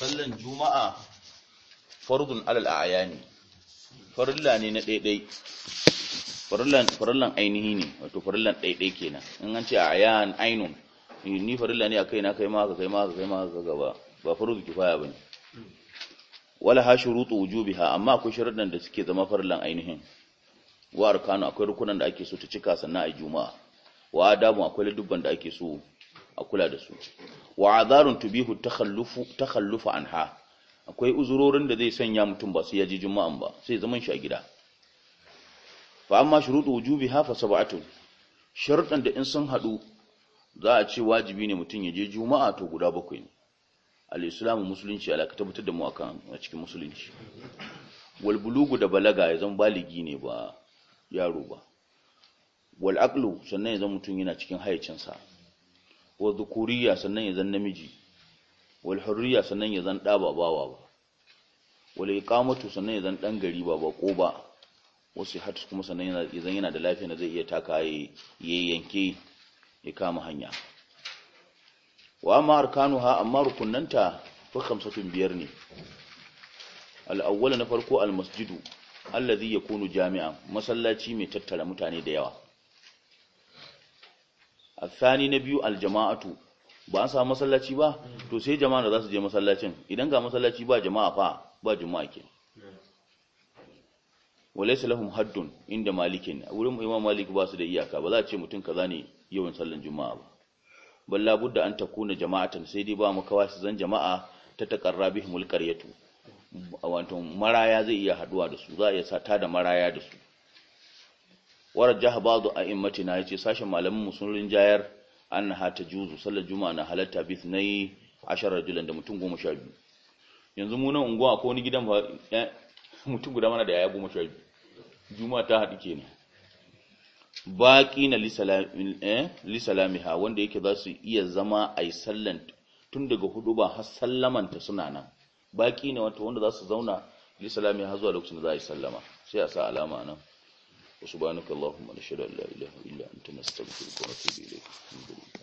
sallan juma'a fardun alal ayani farilla ne na daidai farillan farillan ainihi ne wato farillan daidai kenan in an ce ayan ainun ni farilla ne akai na kai ma ka kai ma ka kai ma ka gaba ba farzu kifaya bane wala ha shurutu wujubiha amma akwai sharuɗan da suke zama farillan ainihin wa arkanu akwai rukunan da ake so ta cika sannan a juma'a wa adamu akwai ladubban da ake so a kula da su wa azarun tubihu takhallufu takhallufu anha akwai uzurorin da zai sanya mutum ba sai ya ji juma'an ba sai zaman shi a gida fa amma shurutu ha fa sab'atun sharuɗan da in sun haɗu za a ce wajibi ne mutum ya je juma'a to guda bakwai ne al-islamu musulunci alaka tabbatar da mu akan a cikin musulunci wal bulugu da balaga ya zan baligi ne ba yaro ba wal aqlu sannan ya zan mutum yana cikin hayyacinsa wa zukuriya sannan ya zan namiji wal hurriya sannan ya zan da ba bawa ba wal iqamatu sannan ya zan dan gari ba bako ba wasu hatu kuma sannan ya zan yana da lafiya zai iya taka yayi yanke ya kama hanya wa amma ha, amma rukunanta fa khamsatun biyar ne al na farko al-masjidu ya yakunu jami'an masallaci mai tattara mutane da yawa athani na biyu aljama'atu ba an samu masallaci ba to sai jama'a da za su je masallacin idan ga masallaci ba jama'a fa ba juma'a ke walaysa lahum haddun inda malikin wurin imam malik ba su da iyaka ba za a ce mutum kaza ne yawan sallan juma'a ba bal labudda an takuna jama'atan sai dai ba mu kawai su zan jama'a ta taqarrabihimul qaryatu wato maraya zai iya haduwa da su za a iya sata da maraya da su warajjah ba'du a'immatina yace sashin malamin mu sun rinjayar annaha tajuzu sallar juma'a na halatta bi sunai ashar rajulan da mutum goma sha biyu yanzu mu nan unguwa ko wani gidan eh, mutum guda mana da yaya goma sha biyu juma'a ta hadu kenan baki na lisalamiha eh, wanda yake za su iya zama a yi sallan tun daga hudu ba har sallamanta suna nan baki ne wanda za su zauna lisalamiha zuwa lokacin da za a yi sallama sai a sa alama nan وسبحانك اللهم نشهد أن لا إله إلا أنت نستغفرك ونتوب إليك